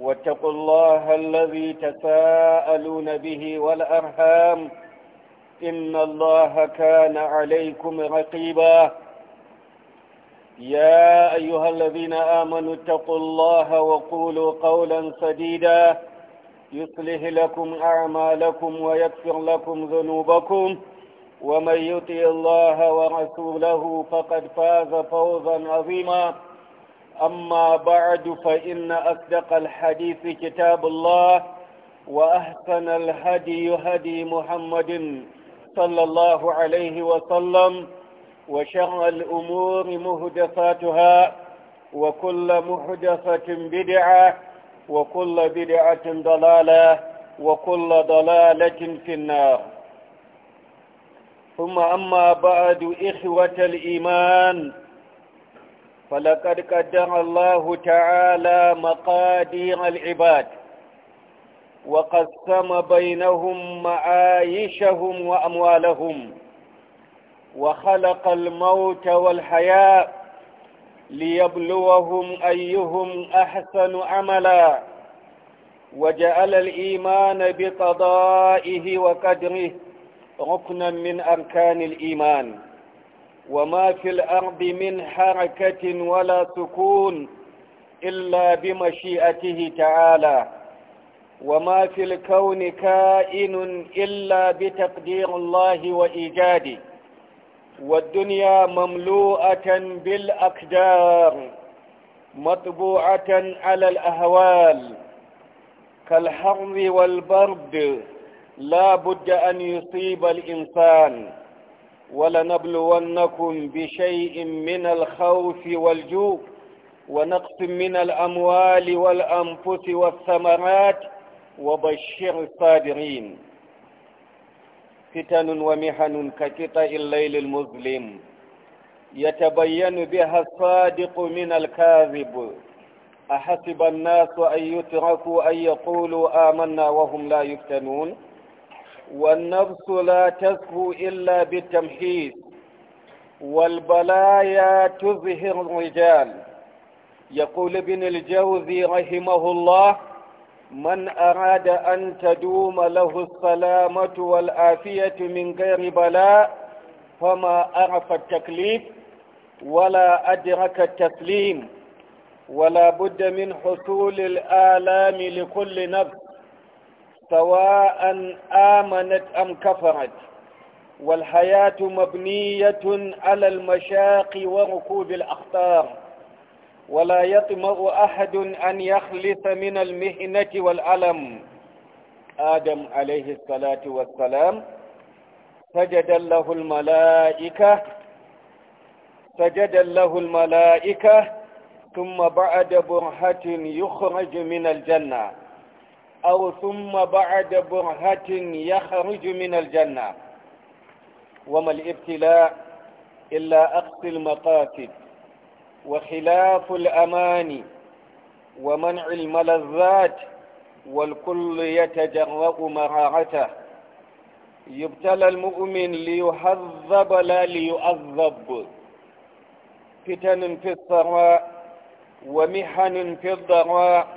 واتقوا الله الذي تساءلون به والأرهام إن الله كان عليكم رقيبا يا أيها الذين آمنوا اتقوا الله وقولوا قولا سديدا يصلح لكم أعمالكم ويكفر لكم ذنوبكم ومن يطي الله ورسوله فقد فاز فوزا عظيما أما بعد فإن أصدق الحديث كتاب الله وأحسن الهدي هدي محمد صلى الله عليه وسلم وشر الأمور مهدفاتها وكل مهدفة بدعة وكل بدعة ضلالة وكل ضلالة في النار ثم أما بعد إخوة الإيمان فلقد قدر الله تعالى مقادير العباد وقسم بينهم معايشهم وأموالهم وخلق الموت والحياة ليبلوهم أيهم أحسن عملا وجعل الإيمان بقضائه وقدره ركنا من أركان الإيمان وما في الأرض من حركة ولا سكون إلا بمشيئته تعالى وما في الكون كائن إلا بتقدير الله وإيجاده والدنيا مملوءة بالأقدار مطبوعة على الأهوال كالحر والبرد لا بد أن يصيب الإنسان ولنبلونكم بشيء من الخوف والجوع ونقص من الأموال والأنفس والثمرات وبشر الصابرين فتن ومحن كقطع الليل المظلم يتبين بها الصادق من الكاذب أحسب الناس أن يتركوا أن يقولوا آمنا وهم لا يفتنون والنفس لا تزكو إلا بالتمحيص والبلايا تزهر الرجال يقول ابن الجوزي رحمه الله من أراد أن تدوم له السلامة والعافية من غير بلاء فما عرف التكليف ولا أدرك التسليم ولا بد من حصول الآلام لكل نفس سواء آمنت أم كفرت والحياة مبنية على المشاق وركوب الأخطار ولا يطمع أحد أن يخلص من المهنة والألم آدم عليه الصلاة والسلام سجد له الملائكة سجد له الملائكة ثم بعد برهة يخرج من الجنة أو ثم بعد برهة يخرج من الجنة وما الابتلاء إلا أقصى المقاصد وخلاف الأماني ومنع الملذات والكل يتجرأ مرارته يبتلى المؤمن ليهذب لا ليؤذب فتن في الثراء ومحن في الضراء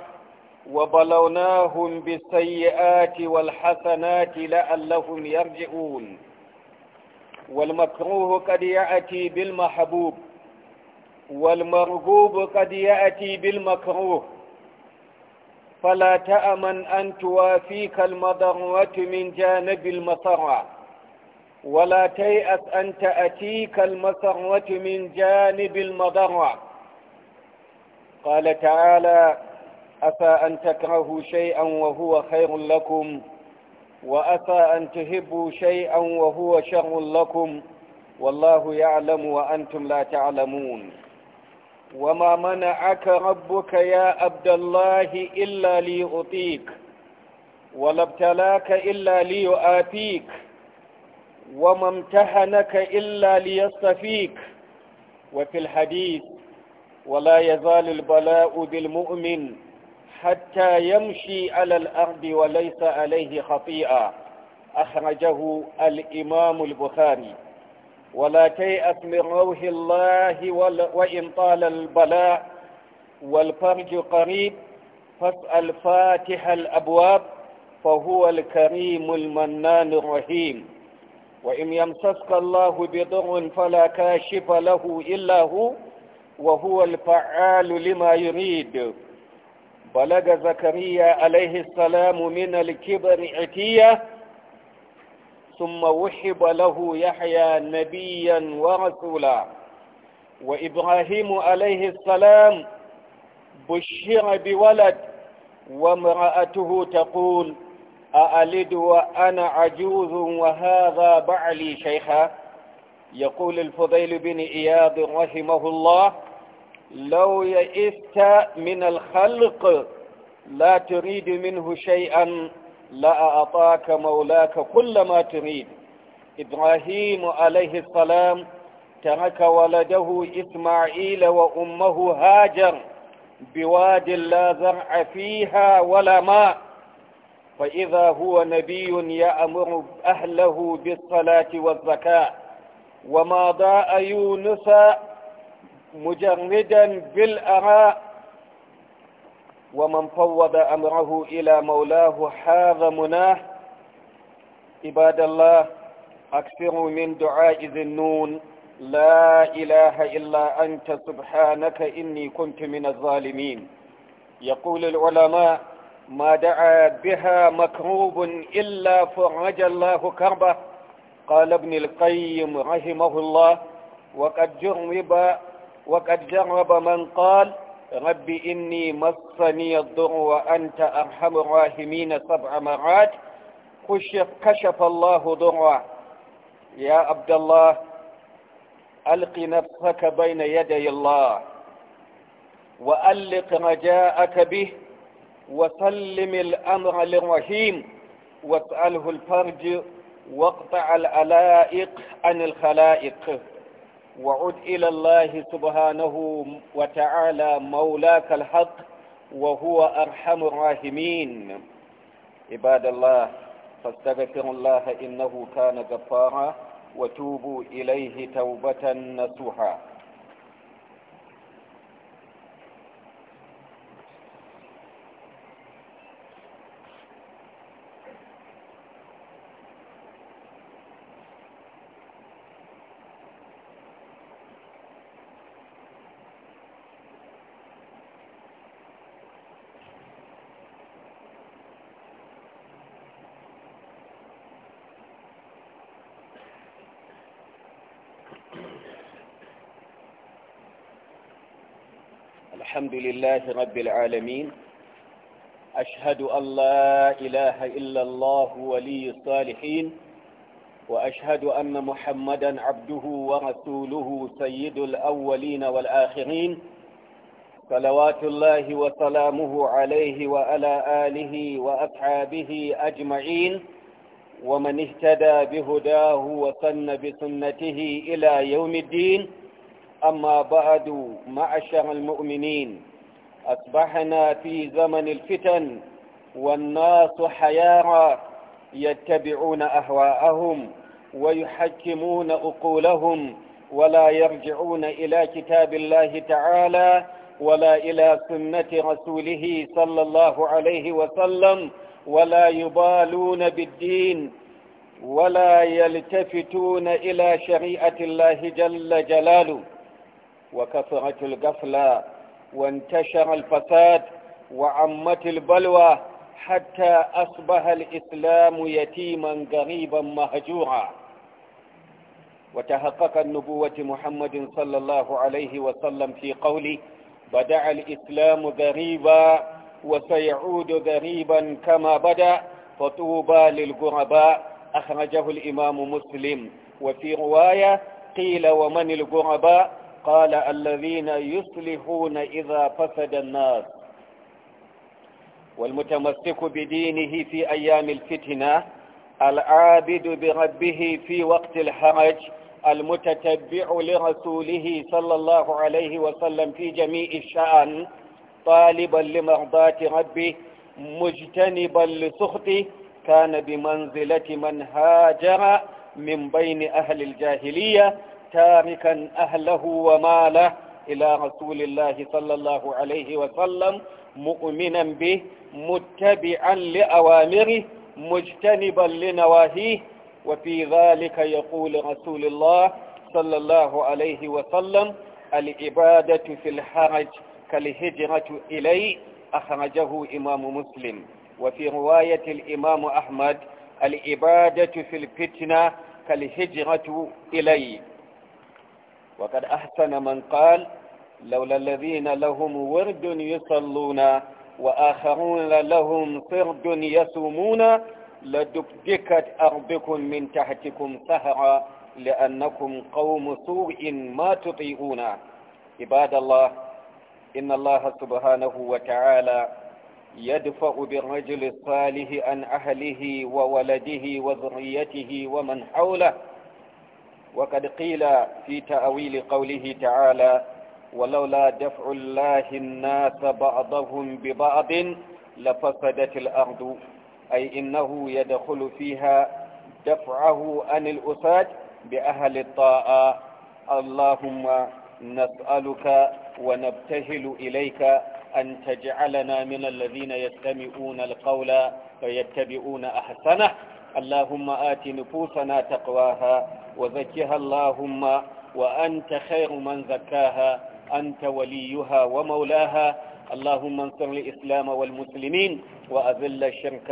وبلوناهم بالسيئات والحسنات لعلهم يرجعون والمكروه قد يأتي بالمحبوب والمرغوب قد يأتي بالمكروه فلا تأمن أن توافيك المضرة من جانب المسرة ولا تيأس أن تأتيك المسرة من جانب المضرة قال تعالى أفى أن تكرهوا شيئا وهو خير لكم وأفى أن تحبوا شيئا وهو شر لكم والله يعلم وأنتم لا تعلمون وما منعك ربك يا عبد الله إلا ليعطيك ولا ابتلاك إلا ليؤاتيك وما امتحنك إلا ليصطفيك وفي الحديث ولا يزال البلاء بالمؤمن حتى يمشي على الأرض وليس عليه خطيئة أخرجه الإمام البخاري ولا تيأس من روح الله وإن طال البلاء والفرج قريب فاسأل فاتح الأبواب فهو الكريم المنان الرحيم وإن يمسسك الله بضر فلا كاشف له إلا هو وهو الفعال لما يريد بلغ زكريا عليه السلام من الكبر عتيا ثم وحب له يحيى نبيا ورسولا وإبراهيم عليه السلام بشر بولد وامرأته تقول أألد وأنا عجوز وهذا بعلي شيخا يقول الفضيل بن إياض رحمه الله لو يئست من الخلق لا تريد منه شيئا لا أعطاك مولاك كل ما تريد إبراهيم عليه السلام ترك ولده إسماعيل وأمه هاجر بواد لا زرع فيها ولا ماء فإذا هو نبي يأمر أهله بالصلاة والزكاة وما ضاء يونس مجردا بالآراء ومن فوض أمره إلى مولاه حاذ مناه عباد الله أكثروا من دعاء ذي النون لا إله إلا أنت سبحانك إني كنت من الظالمين يقول العلماء ما دعا بها مكروب إلا فرج الله كربه قال ابن القيم رحمه الله وقد جرب وقد جرب من قال رب إني مسني الضر وأنت أرحم الراحمين سبع مرات كشف الله ضره يا عبد الله ألق نفسك بين يدي الله وألق رجاءك به وسلم الأمر للرحيم واسأله الفرج واقطع الألائق عن الخلائق وعد إلى الله سبحانه وتعالى مولاك الحق وهو أرحم الراحمين عباد الله فاستغفروا الله إنه كان غفارا وتوبوا إليه توبة نصوحا الحمد لله رب العالمين أشهد أن لا إله إلا الله ولي الصالحين وأشهد أن محمدا عبده ورسوله سيد الأولين والآخرين صلوات الله وسلامه عليه وعلى آله وأصحابه أجمعين ومن اهتدى بهداه وسن بسنته إلى يوم الدين أما بعد معشر المؤمنين أصبحنا في زمن الفتن والناس حيارى يتبعون أهواءهم ويحكمون أقولهم ولا يرجعون إلى كتاب الله تعالى ولا إلى سنة رسوله صلى الله عليه وسلم ولا يبالون بالدين ولا يلتفتون إلى شريعة الله جل جلاله وكثرت القفلة وانتشر الفساد وعمت البلوى حتى أصبح الإسلام يتيما غريبا مهجورا وتحقق النبوة محمد صلى الله عليه وسلم في قوله بدع الإسلام غريبا وسيعود غريبا كما بدأ فطوبى للغرباء أخرجه الإمام مسلم وفي رواية قيل ومن الغرباء قال الذين يصلحون إذا فسد الناس والمتمسك بدينه في أيام الفتنة العابد بربه في وقت الحرج المتتبع لرسوله صلى الله عليه وسلم في جميع الشأن طالبا لمرضاة ربه مجتنبا لسخطه كان بمنزلة من هاجر من بين أهل الجاهلية تاركا أهله وماله إلى رسول الله صلى الله عليه وسلم مؤمنا به متبعا لأوامره مجتنبا لنواهيه وفي ذلك يقول رسول الله صلى الله عليه وسلم العبادة في الحرج كالهجرة إلي أخرجه إمام مسلم وفي رواية الإمام أحمد العبادة في الفتنة كالهجرة إلي وقد أحسن من قال لولا الذين لهم ورد يصلون وآخرون لهم صرد يسومون لدكدكت أرضكم من تحتكم سهرا لأنكم قوم سوء ما تطيئون عباد الله إن الله سبحانه وتعالى يدفع بالرجل الصالح عن أهله وولده وذريته ومن حوله وقد قيل في تأويل قوله تعالى ولولا دفع الله الناس بعضهم ببعض لفسدت الأرض أي إنه يدخل فيها دفعه عن الأساد بأهل الطاعة اللهم نسألك ونبتهل إليك أن تجعلنا من الذين يستمعون القول فيتبعون أحسنه اللهم آت نفوسنا تقواها وزكها اللهم وأنت خير من زكاها أنت وليها ومولاها اللهم انصر الإسلام والمسلمين وأذل الشرك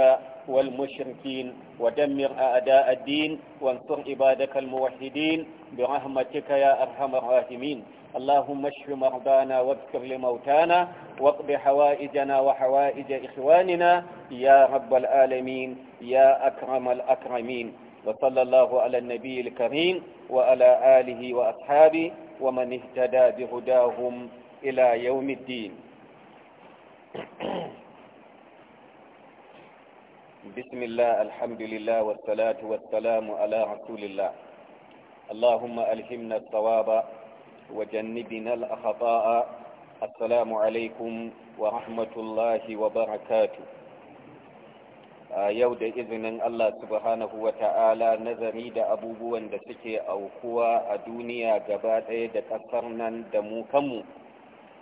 والمشركين ودمر أعداء الدين وانصر عبادك الموحدين برحمتك يا أرحم الراحمين اللهم اشف مرضانا واذكر لموتانا واقض حوائجنا وحوائج إخواننا يا رب العالمين يا أكرم الأكرمين وصلى الله على النبي الكريم وعلى آله وأصحابه ومن اهتدى بهداهم إلى يوم الدين بسم الله الحمد لله والصلاة والسلام على رسول الله اللهم ألهمنا الصواب وجنبنا الأخطاء السلام عليكم ورحمة الله وبركاته a yau da izinin Allah subhanahu wa ta'ala nazari da abubuwan da suke aukuwa a duniya gaba ɗaya da ƙasar nan da mu kanmu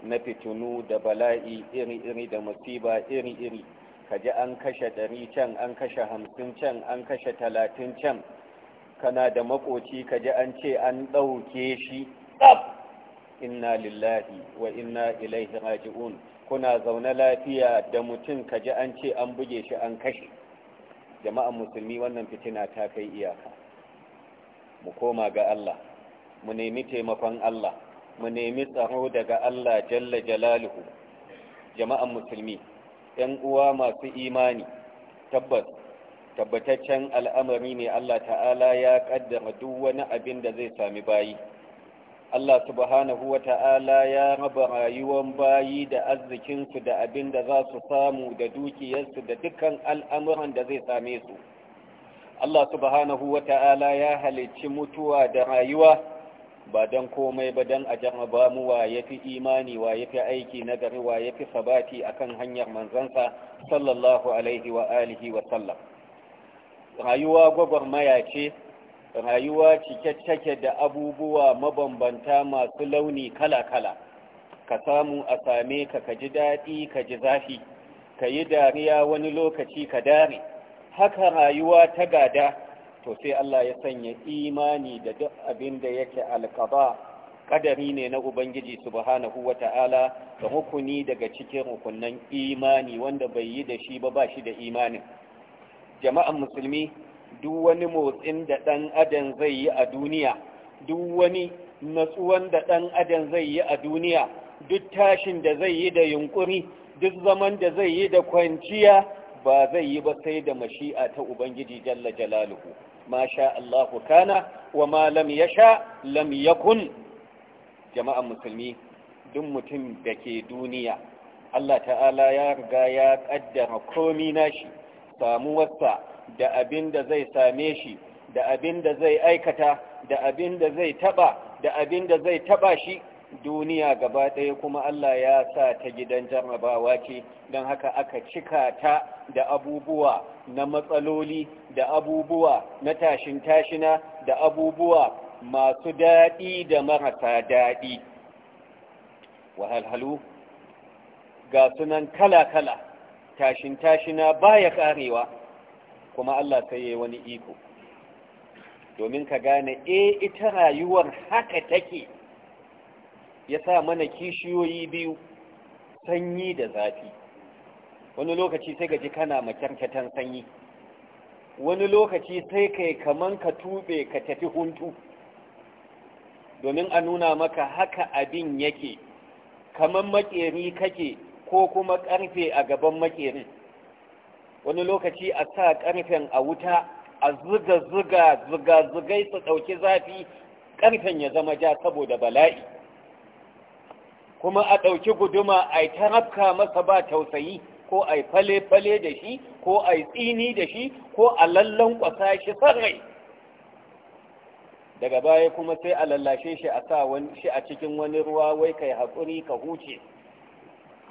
na fitinu da bala'i iri-iri da musiba iri-iri kaji an kashe ɗari can an kashe hamsin can an kashe talatin can kana da makoci kaji an ce an ɗauke shi inna lillahi wa inna ilaihi raji'un kuna zaune lafiya da mutum ka ji an ce an buge shi an kashe jama'an musulmi wannan fitina ta kai iyaka mu koma ga Allah mu nemi taimakon Allah mu nemi tsaro daga Allah jalla jalaluhu jama'an musulmi ‘yan uwa masu imani tabbas tabbataccen al'amari ne Allah ta'ala ya ƙaddara duk wani abin da zai sami bayi Allah subhanahu wa ta'ala ya raba rayuwan bayi da arzikinsu da abin da za su samu da dukiyarsu da dukkan al'amuran da zai same su. Allah subhanahu wa ta'ala ya halicci mutuwa da rayuwa ba don komai ba don a jarraba mu wa ya imani wa ya fi aiki nagari wa yafi sabati a kan hanyar manzansa sallallahu alaihi wa alihi wa sallam. Rayuwa gwagwarmaya ce rayuwa cike-cike da abubuwa mabambanta masu launi kala-kala ka samu a same ka kaji ji daɗi ka zafi ka yi dariya wani lokaci ka dare haka rayuwa ta gada to sai Allah ya sanya imani da duk abin da yake alkaba Ƙadari ne na Ubangiji subhanahu wata'ala da hukuni daga cikin rukunan imani wanda bai yi da shi ba ba shi da imanin jama'an musulmi duk wani motsin da ɗan adam zai yi a duniya duk wani natsuwan da ɗan adam zai yi a duniya duk tashin da zai yi da yunkuri duk zaman da zai yi da kwanciya ba zai yi ba sai da mashi'a ta ubangiji jalla jalaluhu ma sha Allahu kana wa ma lam yasha lam yakun jama'an musulmi duk mutum da ke duniya Allah ta'ala ya riga ya kaddara komi nashi samuwarsa da abin da zai same shi da abin da zai aikata da abin da zai taba da abin da zai taba shi duniya gaba ɗaya kuma Allah ya sa ta gidan jarrabawa ce don haka aka cika ta da abubuwa na matsaloli da abubuwa na tashin tashina da abubuwa masu daɗi da marasa daɗi wahalhalu ga sunan kala-kala tashin tashina baya ƙarewa kuma Allah sai yi wani iko domin ka gane eh ita rayuwar haka take ya sa mana kishiyoyi biyu sanyi da zafi wani lokaci sai gaji kana makyarkatan sanyi wani lokaci sai kai kaman ka tube ka tafi huntu domin a nuna maka haka abin yake kaman makeri kake ko kuma karfe a gaban makerin wani lokaci a sa ƙarfen a wuta a zuga zuga zuga zugai su ɗauki zafi ƙarfen ya zama ja saboda bala'i kuma a ɗauki guduma a yi tarafka masa ba tausayi ko a yi fale-fale da shi ko a yi tsini da shi ko a lallon ƙwasa shi sarrai daga baya kuma sai a lallashe shi a sa shi a cikin wani ruwa wai ka yi haƙuri ka huce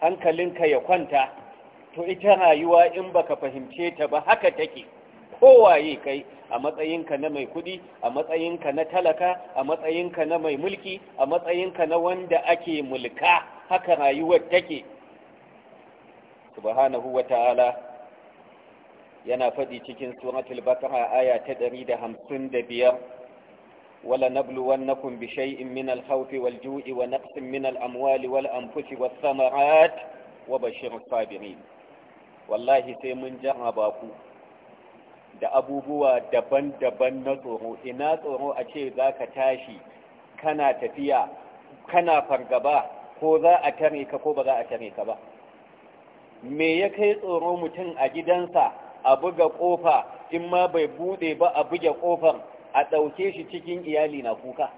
hankalinka ya kwanta to ita rayuwa in baka fahimce ta ba haka take kowaye kai a matsayinka na mai kudi a matsayinka na talaka a matsayinka na mai mulki a matsayinka na wanda ake mulka haka rayuwar take subhanahu wata'ala yana faɗi cikin suratul baqara aya ta 155 wala nabluwannakum bi shay'in min al-khawfi wal-ju'i wa naqsin min amwali wal-anfusi wa bashir wallahi sai mun jarraba ku da abubuwa daban-daban na tsoro ina tsoro a ce za ka tashi kana tafiya kana fargaba ko za a tare ka ko ba za a tare ka ba me ya kai tsoro mutum a gidansa a buga kofa in ma bai bude ba a buga kofar a ɗauke shi cikin iyali na kuka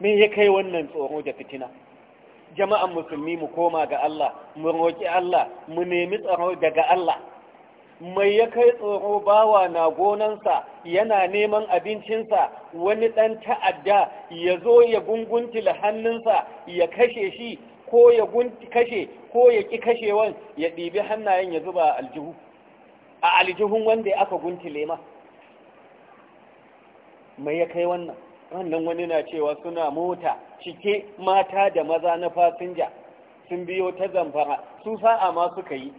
me ya kai wannan tsoro da fitina jama'an musulmi mu koma ga Allah mu roƙi Allah mu nemi tsaro daga Allah mai ya kai tsoro bawa na gonansa yana neman abincinsa wani ɗan ta'adda ya zo ya gunguntila hannunsa ya kashe shi ko ya kashe ko ya ƙi kashewan ya ɗibi hannayen ya zuba aljihu a aljihun wanda aka gunti lema. mai ya kai wannan wannan wani na cewa suna mota cike mata da maza na fasinja sun biyo ta zamfara su sa'a ma suka yi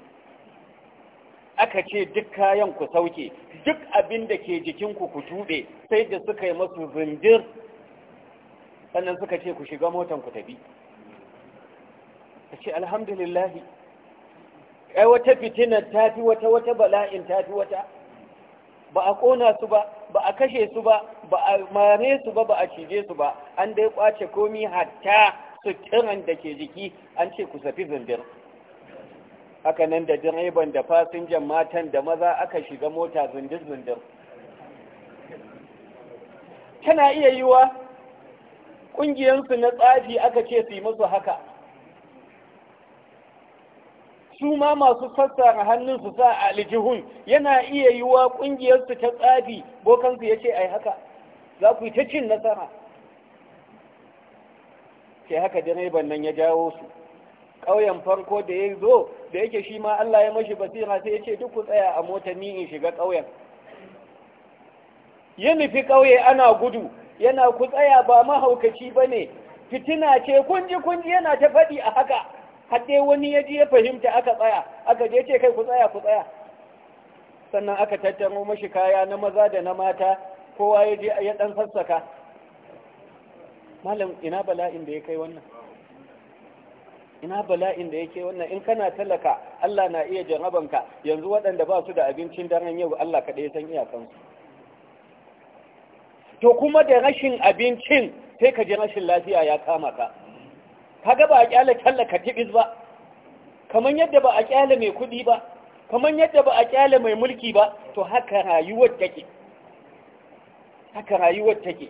aka ce duk kayan ku sauke duk abin da ke jikinku ku tuɓe sai da suka yi masu zindir sannan suka ce ku shiga motan ku tafi ta ce alhamdulillahi ai wata fitinar ta fi wata wata bala'in ta fi wata ba a ƙona su ba ba a kashe su ba ba a mare su ba ba a cije su ba an dai kwace komi hatta tiran da ke jiki an ce ku safi zindir haka nan da direban da fasinjan matan da maza aka shiga mota zindir-zindir tana iya yiwa ƙungiyarsu na tsafi aka ce su yi musu haka su ma masu fassara hannun su sa aljihun yana iya yi wa ƙungiyarsu ta tsafi bokansu ya ce ai haka za ku yi ta cin nasara ke haka direban nan ya jawo su ƙauyen farko da ya zo da yake shi ma Allah ya mashi basira sai ya duk ku tsaya a mota ni in shiga ƙauyen ya nufi ƙauye ana gudu yana ku tsaya ba mahaukaci ba ne fitina ce kunji kunji yana ta faɗi a haka har dai wani ya ji ya fahimta aka tsaya aka je ce kai ku tsaya ku tsaya sannan aka tattaro mashi kaya na maza da na mata kowa ya je ya dan sassaka malam ina bala'in da ya kai wannan ina bala'in da yake wannan in kana talaka Allah na iya jarabanka yanzu waɗanda ba su da abincin daren yau Allah kaɗai san iyakansu to kuma da rashin abincin sai ka ji rashin lafiya ya kama ka kaga ba a kyala tallaka tibis ba kamar yadda ba a kyala mai kudi ba kamar yadda ba a kyala mai mulki ba to haka rayuwar take haka rayuwar take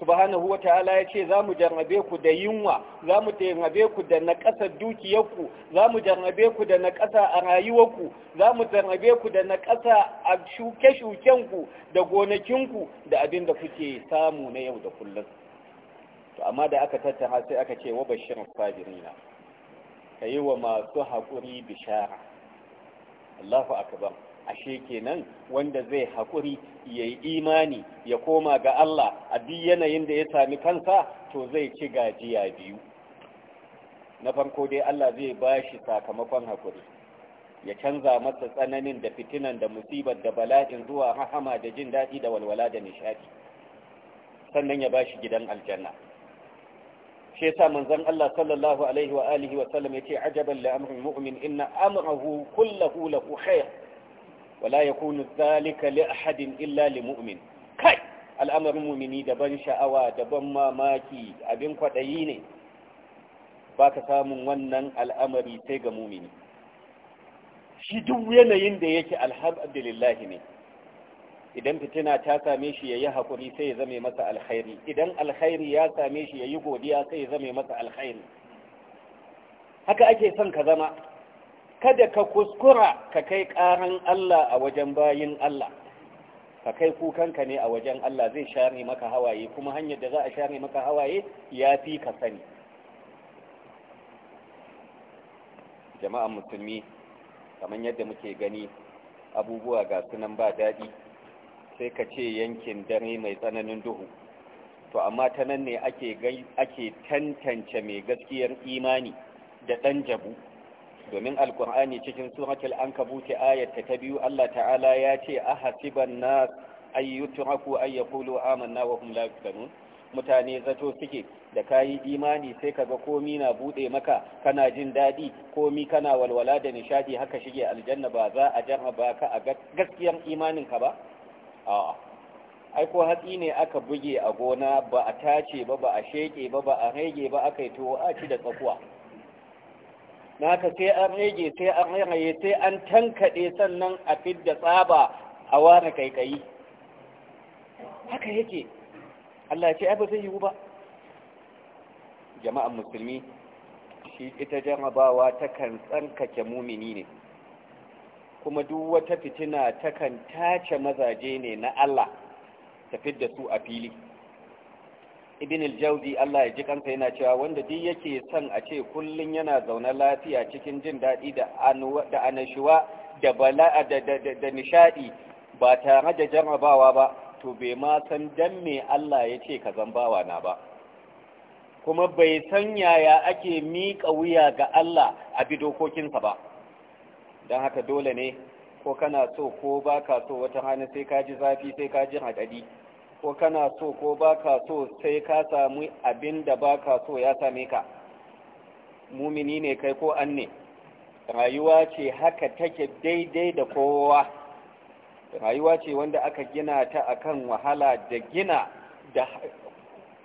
subhanahu wa ta'ala ya ce za mu jarrabe ku da yunwa za mu jarrabe ku da naƙasar dukiyarku za mu jarrabe ku da naƙasa a rayuwarku za mu jarrabe ku da naƙasa a shuke-shukenku da gonakinku da abin da kuke samu na yau da kullum to amma da aka tattaha sai aka ce wa bashirin sabirina ka yi wa masu haƙuri bishara Allahu akbar ashe kenan wanda zai haƙuri ya yi imani ya koma ga Allah a duk yanayin da ya sami kansa to zai ci gajiya biyu na farko dai Allah zai ba shi sakamakon haƙuri ya canza masa tsananin da fitinan da musibar da bala'in zuwa rahama da jin daɗi da walwala da nishaɗi sannan ya ba shi gidan aljanna shi yasa manzon Allah sallallahu alaihi wa alihi wa sallam yace ajaban li amri mu'min inna amrahu kullahu lahu khair wala yakunu dhalika li ahadin illa li mu'min kai al'amarin mumini daban sha'awa daban mamaki abin kwaɗayi ne ba ka samun wannan al'amari sai ga mumini shi duk yanayin da yake alhamdulillahi ne idan fitina ta same shi yayi hakuri sai ya zame masa alkhairi idan alkhairi ya same shi yayi godiya sai ya zame masa alkhairi haka ake son ka zama kada ka kuskura ka kai karan Allah a wajen bayin Allah ka kai kukanka ne a wajen Allah zai share maka hawaye kuma hanyar da za a share maka hawaye ya fi ka sani jama'an musulmi kamar yadda muke gani abubuwa ga sunan ba daɗi sai ka ce yankin dare mai tsananin duhu to amma ta nan ne ake tantance mai gaskiyar imani da ɗan jabu domin alkur'ani cikin suratul ankabuti ayata ta biyu Allah ta'ala ya ce ahasiban nas ayyutraku ay yaqulu amanna wa hum la yaftanun mutane zato suke da kayi imani sai kaga komi na bude maka kana jin dadi komi kana walwala da nishadi haka shige aljanna ba za a jarraba ka a gaskiyar imanin ka ba ai aiko hatsi ne aka buge a gona ba a tace ba ba a sheke ba ba a rage ba aka yi tuwo a ci da tsakuwa Na ka sai an rage sai an rage sai an tankaɗe sannan a da tsaba a wani kaikayi haka yake Allah ce ai ba zai yiwu ba jama'an musulmi shi ita jarabawa ta kan tsankake mumini ne kuma duk wata fitina takan tace mazaje ne na Allah ta fidda su a fili ibn al-jawzi Allah ya ji kanka yana cewa wanda duk yake son a ce kullun yana zaune lafiya cikin jin dadi da da anashuwa da bala'a da da, nishadi ba tare da jarrabawa ba to bai ma san dan me Allah ya ce ka zambawa na ba kuma bai san yaya ake mika wuya ga Allah a bi dokokinsa ba don haka dole ne ko kana so ko ba ka so wata hannu sai kaji zafi sai kaji ji haɗari ko kana so ko ba ka so sai ka samu abin da ba ka so ya same ka mumini ne kai ko an ne rayuwa ce haka take daidai da kowa rayuwa ce wanda aka gina ta akan wahala da gina da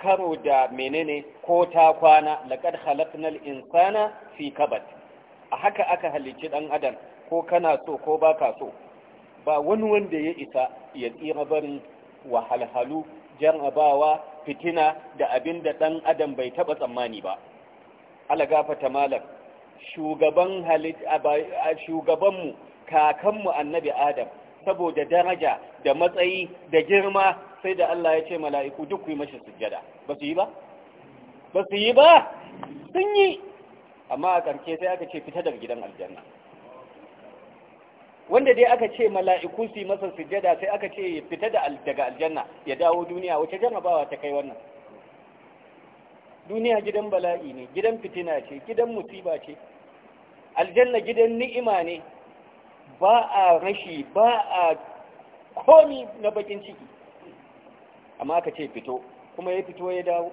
karo da menene ko ta kwana laqad khalaqnal insana fi kabad a haka aka halicci dan adam ko kana so ko ba ka so ba wani wanda ya isa ya tsira barin wahalhalu jarabawa, fitina da abin da ɗan adam bai taɓa tsammani ba alagafata malam shugaban shugabanmu kakanmu annabi adam saboda daraja da matsayi da girma sai da Allah ya ce mala'iku duk yi mashi sujjada ba su yi ba? ba su yi ba sun yi amma a karshe sai aka ce fita daga gidan aljanna wanda dai aka ce mala'iku su masa sujada, sai aka ce ya fita daga aljanna ya dawo duniya wace jarrabawa ta kai wannan duniya gidan bala'i ne gidan fitina ce gidan musiba ce aljanna gidan ni'ima ne ba a rashi ba a komi na bakin ciki amma aka ce fito kuma ya fito ya dawo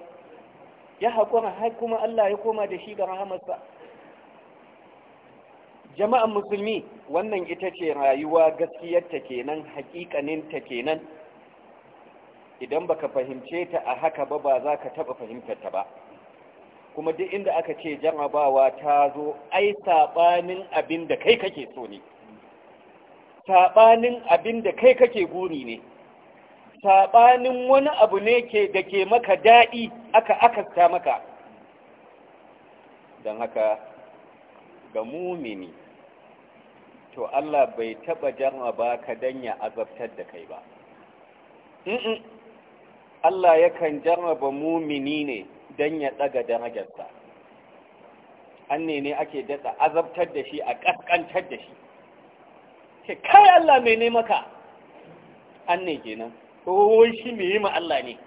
ya haƙura har kuma Allah ya koma da shi ga rahamarsa jama'an musulmi wannan ita ce rayuwa gaskiyarta kenan hakikaninta kenan idan baka fahimce ta a haka ba ba za ka taɓa fahimtarta ba kuma duk inda aka ce jarabawa ta zo ai saɓanin abin da kai kake so ne saɓanin abin da kai kake guri ne saɓanin wani abu ne ke da ke maka daɗi aka akasta maka don haka ga mumini to Allah bai taba jarma ba ka danya ya azabtar da kai ba Allah yakan ba mumini ne dan ya daga darajarsa an ne ne ake datsa azabtar da shi a kaskantar da shi ke kai Allah mai ne maka an ne kenan ko shi mai yi ma Allah ne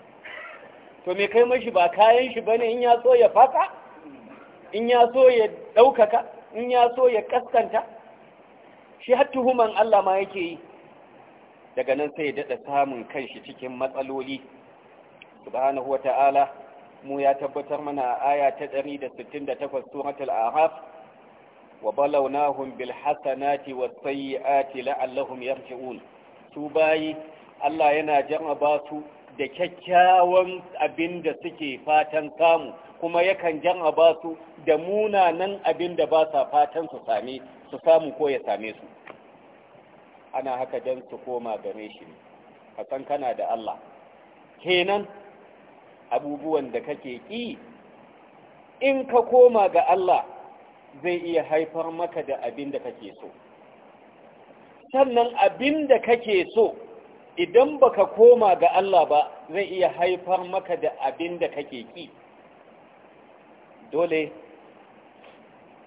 to mai kai mashi ba kayan shi bane in ya so ya faka in ya so ya ɗaukaka in ya so ya kaskanta shi har tuhuman Allah ma yake yi daga nan sai ya dada samun kanshi cikin matsaloli subhanahu Ta'ala mu ya tabbatar mana a aya ta 168 suratul araf. wa balawnahum bil hasanati was sayyiati la'allahum yarji'un su bayi Allah yana jarraba su da kyakkyawan abinda suke fatan samu kuma yakan jan a ba su da munanan abin da ba sa fatan su same su samu ko ya same su ana haka don su koma game shi ne a san kana da Allah kenan abubuwan da kake ƙi in ka koma ga Allah zai iya haifar maka da abin da kake so sannan abin da kake so idan baka koma ga Allah ba zai iya haifar maka da abin da kake ƙi dole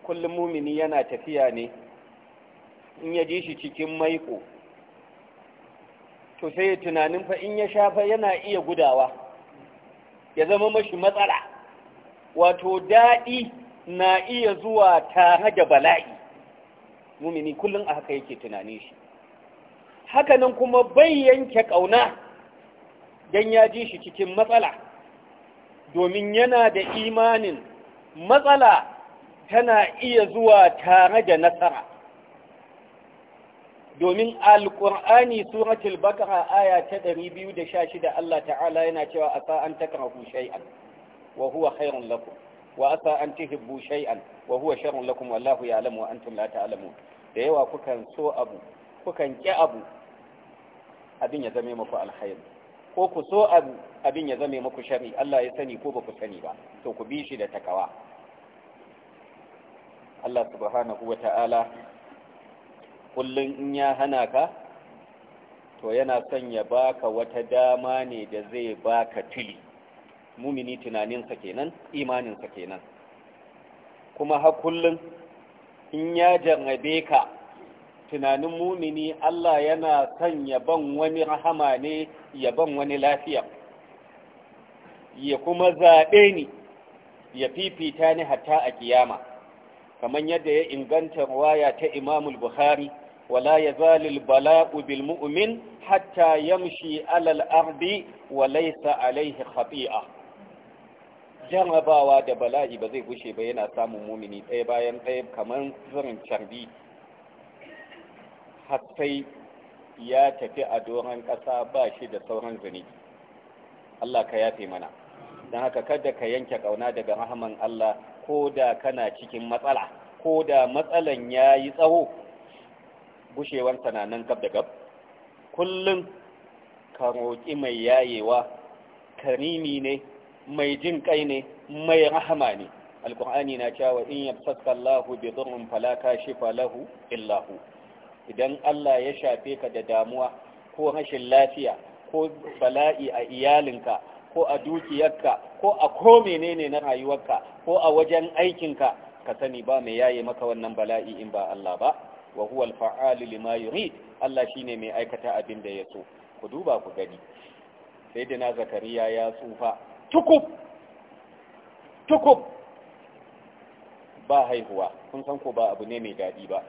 kullum mumini yana tafiya ne in ya ji shi cikin maiko to sai tunanin fa in ya shafa yana iya gudawa ya zama mashi matsala wato daɗi na iya zuwa tare da bala'i mumini kullum a haka yake tunanin shi hakanan kuma bai yanke ƙauna don ya ji shi cikin matsala domin yana da imanin matsala tana iya zuwa tare da nasara domin alƙur'ani suratul bakara aya ta 216 Allah ta'ala yana cewa asa an takrahu shay'an wa huwa khairun lakum wa asa an tuhibbu shay'an wa huwa sharrun lakum wallahu ya'lamu wa antum la ta'lamun da yawa kukan so abu kukan ki abu abin ya zame muku alkhairi ko ku so abu abin ya zame muku shari Allah ya sani ko ba ku sani ba to ku bi shi da takawa Allah subhanahu wa ta'ala kullum in ya hana ka to yana son ya baka wata dama ne da zai baka tuli mumini tunaninsa kenan imaninsa kenan kuma har kullum in ya jarrabe ka tunanin mumini Allah yana son ya ban wani rahama ne ya ban wani lafiya ya kuma zaɓe ni ya fifita ni hatta a kiyama kamar yadda ya inganta ruwaya ta imamul Buhari, wala ya zalil bala'u bil mu'min hatta yamshi alal ardi wa laysa alaihi khati'a jarabawa da bala'i ba zai gushe ba yana samun mumini ɗaya bayan ɗaya kamar zurin carbi har sai ya tafi a doron ƙasa ba shi da sauran zunubi Allah ka yafe mana don haka kada ka yanke ƙauna daga rahaman Allah ko da kana cikin matsala ko da matsalan ya yi tsawo gushewar na gab da gab kullum ka roƙi mai yayewa karimi ne mai jin kai ne mai rahama ne alkur'ani na cewa in yabsaka Allahu bi dhurrin fala kashifa lahu illa hu idan Allah ya shafe ka da damuwa ko rashin lafiya ko bala'i a iyalinka ko a dukiyarka ko a ko menene na rayuwarka ko a wajen aikinka ka sani ba mai yaye maka wannan bala'i in ba Allah ba wa huwa al-fa'alu lima yurid Allah shine mai aikata abin da ya so ku duba ku gani na zakariya ya tsufa tukub tukub ba haihuwa kun san ko ba abu ne mai dadi ba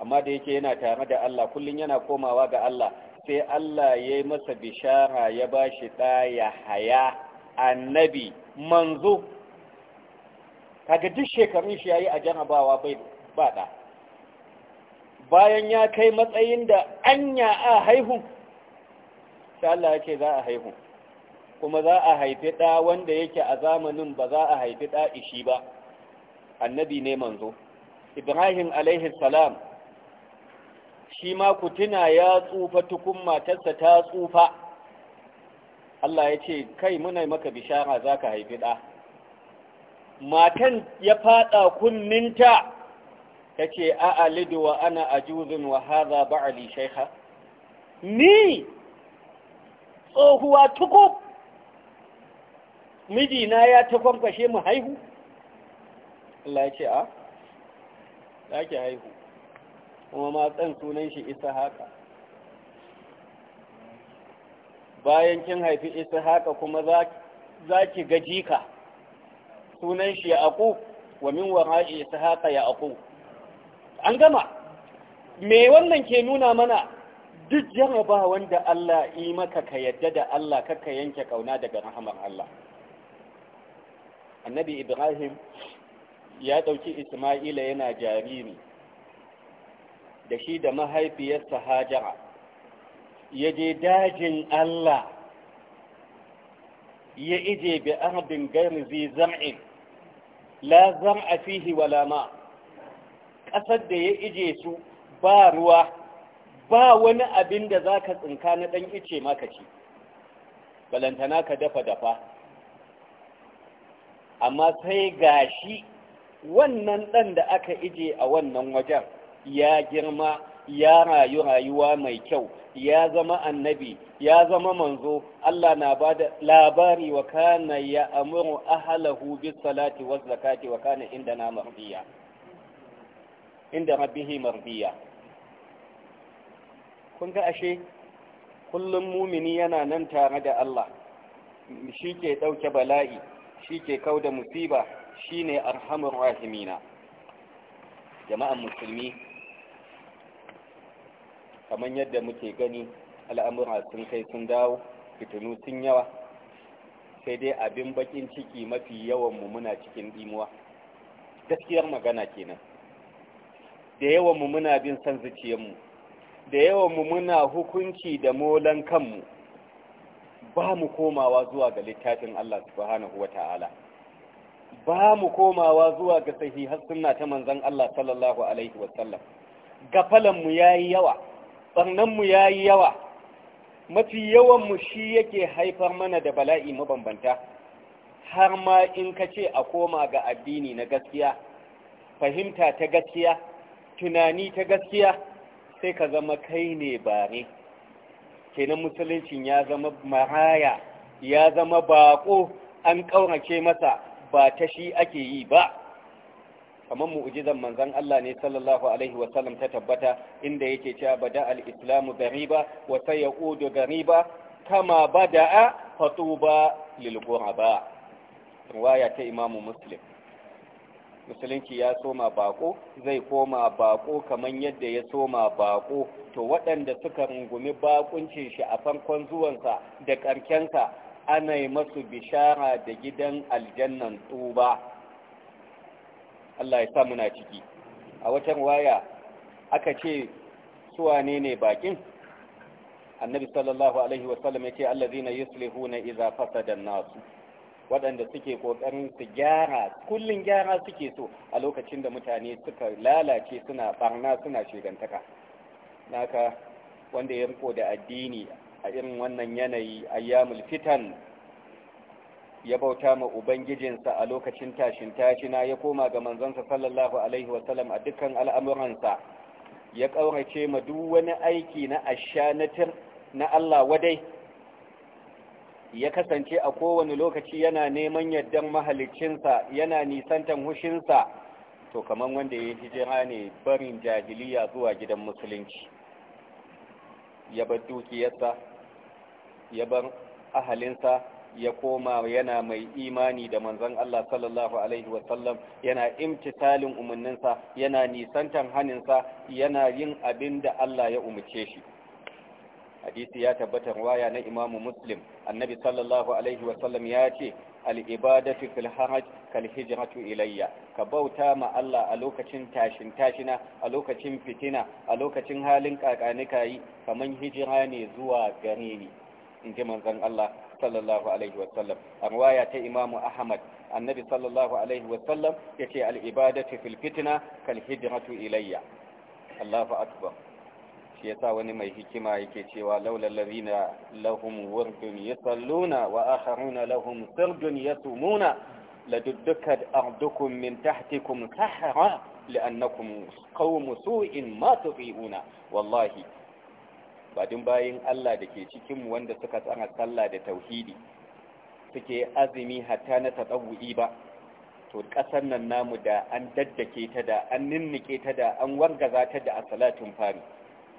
amma da yake yana tare da Allah kullun yana komawa ga Allah sai Allah ya yi masa bishara ya ba shi ɗaya haya annabi manzo kaga duk shekarun shi ya yi a jarrabawa bai ba ɗa bayan ya kai matsayin da anya a haihu sai Allah ya ce za a haihu kuma za a haifi ɗa wanda yake a zamanin ba za a haifi ɗa ishi ba annabi ne manzo ibrahim alaihi salam shi ma ku tuna ya tsufa tukun matarsa ta tsufa Allah ya ce kai muna maka bishara za ka haifi ɗa matan ya faɗa kunninta ta ce alidu wa ana ajuzin wa haza ba'ali shaikha ni tsohuwa tuku mijina ya ta kwamfashe mu haihu Allah ya ce a za ki haihu kuma matsan sunan shi isa haka bayan kin haifi isa haka kuma za ki gaji ka. sunan shi ya aku wa min wara'i isa haka ya aku an gama me wannan ke nuna mana duk jaraba wanda Allah yi maka ka yadda da Allah kaka yanke kauna daga rahamar Allah annabi ibrahim ya ɗauki isma'ila yana jariri da shi da mahaifiyarsa hajara ya je dajin Allah ya ije bi ardin gari zai zam'in la zam'a fihi wala ma ƙasar da ya ije su ba ruwa ba wani abin da za ka tsinka na ɗan ice maka ci balantana ka dafa-dafa amma sai gashi wannan ɗan da aka ije a wannan wajen ya girma ya rayu rayuwa mai kyau ya zama annabi ya zama manzo Allah na ba da labari wa kana ya amuru ahalahu bis salati waz zakati wa kana indana mardiya inda rabbihi mardiya kun ga ashe kullum mumini yana nan tare da Allah shi ke ɗauke bala'i shi ke kau da musiba shi ne rahimina jama'an musulmi kamar yadda muke gani al'amura sun kai sun dawo fitinu sun yawa sai dai abin bakin ciki mafi yawanmu muna cikin ɗimuwa gaskiyar magana kenan da yawanmu muna bin san zuciyarmu da yawanmu muna hukunci da molan kanmu ba mu komawa zuwa ga littafin Allah subhanahu wa ta'ala ba mu komawa zuwa ga sahihar sunna ta manzon Allah sallallahu alaihi wasallam gafalanmu yayi yawa ɓarnanmu ya yi yawa mafi yawanmu shi yake haifar mana da bala'i mabambanta har ma in ka ce a koma ga addini na gaskiya fahimta ta gaskiya tunani ta gaskiya sai ka zama kai ne bare kenan musuluncin ya zama maraya ya zama baƙo an ƙaurace masa ba ta shi ake yi ba kamar mu'jizan manzon Allah ne sallallahu alaihi wa sallam ta tabbata inda yake cewa bada al-islamu gariba wa sayaudu gariba kama bada'a fatuba lil ghuraba riwaya ta imamu muslim musulunci ya soma bako zai koma bako kamar yadda ya soma bako to waɗanda suka rungumi bakuncin shi a farkon zuwansa da ƙarkensa ana yi masu bishara da gidan aljannan tuba. Allah ya sa muna ciki a watan waya aka ce suwa ne ne bakin annabi sallallahu alaihi wasallam ya ce allazina yuslihuna idza fasada an-nas waɗanda suke kokarin su gyara kullun gyara suke so a lokacin da mutane suka lalace suna barna suna shegantaka naka wanda ya riko da addini a irin wannan yanayi ayyamul fitan ya bauta ma ubangijinsa a lokacin tashin tashina ya koma ga manzansa sallallahu alaihi wasallam a dukkan al'amuransa ya ƙaurace ma duk wani aiki na ashanatir na Allah wadai ya kasance a kowane lokaci yana neman yaddan mahalicinsa yana nisantan hushinsa to kamar wanda ya hijira ne barin jahiliya zuwa gidan musulunci ya bar dukiyarsa ya bar ahalinsa ya koma yana mai imani da manzon Allah sallallahu alaihi wasallam yana imtisalin umarninsa yana nisantan haninsa yana yin abin da Allah ya umarce shi hadisi ya tabbatar waya na imamu muslim annabi sallallahu alaihi wasallam ya ce al'ibadatu fil haraj kal hijratu ilayya ka bauta ma Allah a lokacin tashin tashina a lokacin fitina a lokacin halin kakani kayi kaman hijira ne zuwa gare ni in ji manzon Allah sallallahu alaihi wasallam a riwaya ta imamu Ahmad annabi sallallahu alaihi wasallam yace al-ibadatu fil fitna kal hijratu ilayya Allahu akbar shi yasa wani mai hikima yake cewa laula allazina lahum wurdun yasalluna wa akharuna lahum sirdun yasumuna laduddukat ardukum min tahtikum sahara لأنكم قوم سوء ما تطيعون والله Ba badin bayin Allah da ke cikinmu wanda suka tsara sallah da tauhidi suke azumi hatta na taɗawu'i ba to ƙasar nan namu da an daddake ta da an ninnike ta da an wargaza ta da asalatin fari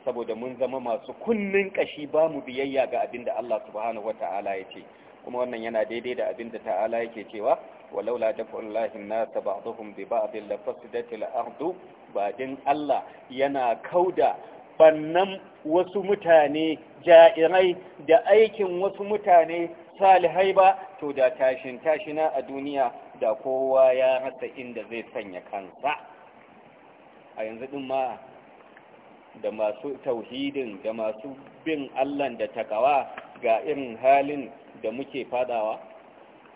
saboda mun zama masu kunnin ƙashi ba mu biyayya ga abinda da Allah subhanahu wata'ala ya ce kuma wannan yana daidai da abinda ta'ala yake cewa walau la dafa'ullahi nasa bi ba'dhin lafasidatil ardu badin Allah yana kauda bannan wasu mutane ja'irai da aikin wasu mutane salihai ba to da tashin tashina a duniya da kowa ya rasa inda zai sanya kansa a yanzu din ma da masu tauhidin da masu bin Allah da takawa ga irin halin da muke fadawa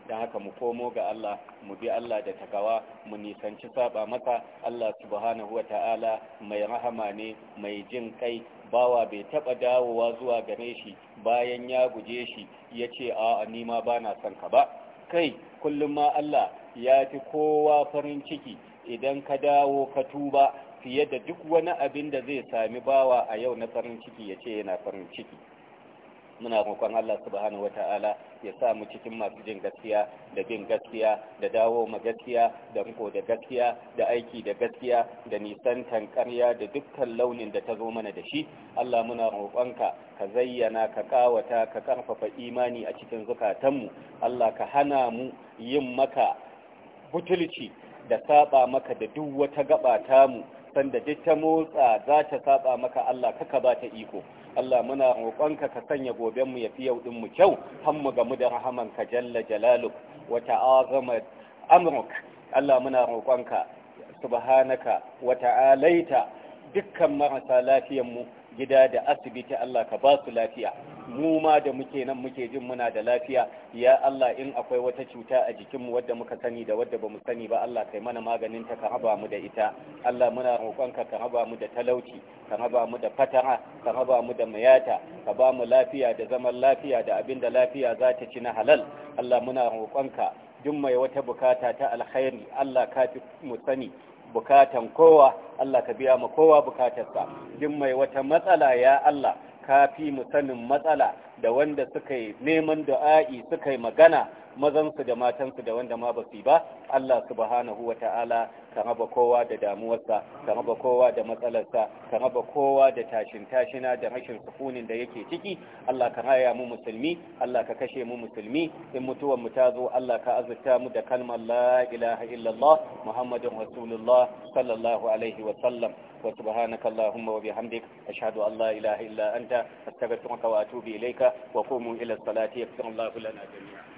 da haka mu komo ga Allah mu bi Allah da takawa mu nisanci saba maka Allah subhanahu wa ta'ala mai rahama ne mai jin kai bawa bai taba dawowa zuwa gare shi bayan ya guje shi ya ce a ni ma ba na son ka ba kai kullum ma Allah ya fi kowa farin ciki idan ka dawo ka tuba fiye da duk wani abin da zai sami bawa a yau na farin ciki ya ce yana farin ciki muna roƙon Allah subhanahu wata'ala ya sa mu cikin masu jin gaskiya da bin gaskiya da dawo ma gaskiya da riko da gaskiya da aiki da gaskiya da nisan tankarya da dukkan launin da ta zo mana da shi Allah muna roƙonka ka zayyana ka kawata ka karfafa imani a cikin zukatanmu Allah ka hana mu yin maka butulci da saba maka da duk wata gaba mu, sanda duk ta motsa za ta saba maka Allah kaka ba ta iko Allah muna roƙonka ka sanya gobenmu ya fi yau mu kyau har mu gamu da ka jalla jalaluk wa ta'azama amruk Allah muna roƙonka subhanaka wa ta'alaita dukkan marasa mu gida da asibiti Allah ka ba su lafiya mu ma da muke nan muke jin muna da lafiya ya Allah in akwai wata cuta a jikinmu wadda muka sani da wadda bamu sani ba Allah kai mana maganin ta ka haba mu da ita Allah muna roƙonka ka haba mu da talauci ka haba mu da fatara ka haba mu da mayata ka ba mu lafiya da zaman lafiya da abinda lafiya za ta ci na halal Allah muna roƙonka duk mai wata bukata ta alkhairi Allah ka fi mu sani bukatan kowa Allah ka biya mu kowa bukatarsa duk mai wata matsala ya Allah kafi fi mu sanin matsala da wanda suka yi neman du'a'i suka yi magana mazansu da matansu da wanda ma ba su ba Allah subhanahu wa ta'ala ka raba kowa da damuwarsa ka raba kowa da matsalarsa ka raba kowa da tashin tashina da rashin sukunin da yake ciki Allah ka raya mu musulmi Allah ka kashe mu musulmi in mutuwar mu ta zo Allah ka azurta mu da kalmar la ilaha illallah muhammadun rasulullah sallallahu alaihi wa sallam wa subhanaka allahumma wa bihamdik ashhadu an la ilaha illa anta astaghfiruka wa atubu ilayka wa qumu ila salati yaghfir lana jami'a.